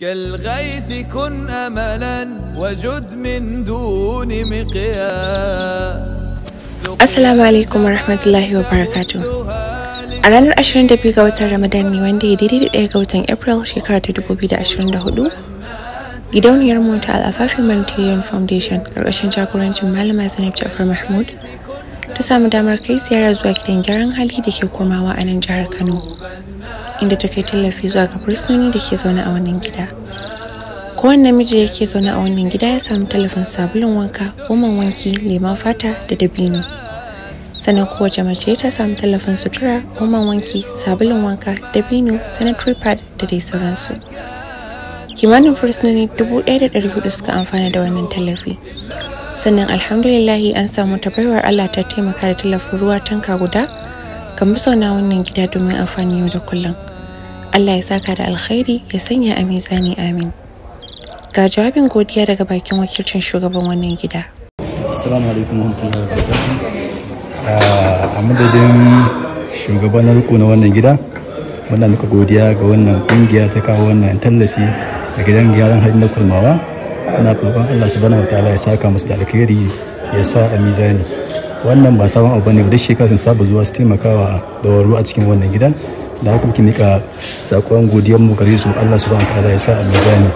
كالغيث كن أملا وجد من دون مقياس السلام عليكم ورحمة الله وبركاته A ranar 22 ga watan Ramadan ne wanda ya daidai da ɗaya ga watan April shekara ta 2024, gidauniyar mota al'afafin Humanitarian Foundation ƙarƙashin jagorancin Malama Zainab Jafar Mahmud ta samu damar kai ziyara zuwa gidan gyaran hali da ke komawa a nan jihar kano inda ta kai tallafi zuwa ga fursunoni da ke zaune a wannan gida kowane namiji da ke zaune a wannan gida ya samu tallafin sabulun wanka goman wanki leman fata da dabino sannan kowace mace ta samu tallafin sutura goman wanki sabulun wanka dabino sanitary pad da dai sauransu kimanin fursunoni 1400 suka amfana da wannan tallafi sannan alhamdulillahi an samu tabarwar Allah ta taimaka da tallafin ruwa tanka guda ga masauna wannan gida domin amfani yau da kullum Allah ya saka da alkhairi ya sanya a mizani amin ga jawabin godiya daga bakin wakilcin shugaban wannan gida assalamu alaikum wa wabarakatuh ah, a madadin shugaban riko na wannan gida wannan muka godiya ga wannan kungiya ta kawo wannan tallafi a gidan gyaran halin na kurmawa na roƙon Allah subhanahu wataala ya saka musu da alkhairi ya sa a mizani wannan ba sabon abu ne duk shekara sun saba zuwa su taimakawa da waru a cikin wannan gida da haka muke mika sakon godiyar mu gare su Allah subhanahu wataala ya sa a mizani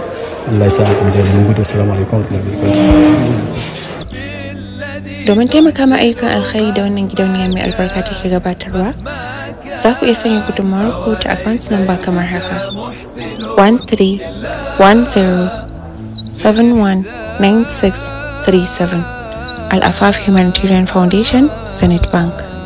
Allah ya sa a mizani mun gode assalamu alaikum wa rahmatullahi wa domin taimaka ma ayyukan alkhairi da wannan gidauniya mai albarka take gabatarwa za ku iya sanya gudunmawar ku ta nan ba kamar haka 1310 719637 Al Afaf Humanitarian Foundation, Zenit Bank.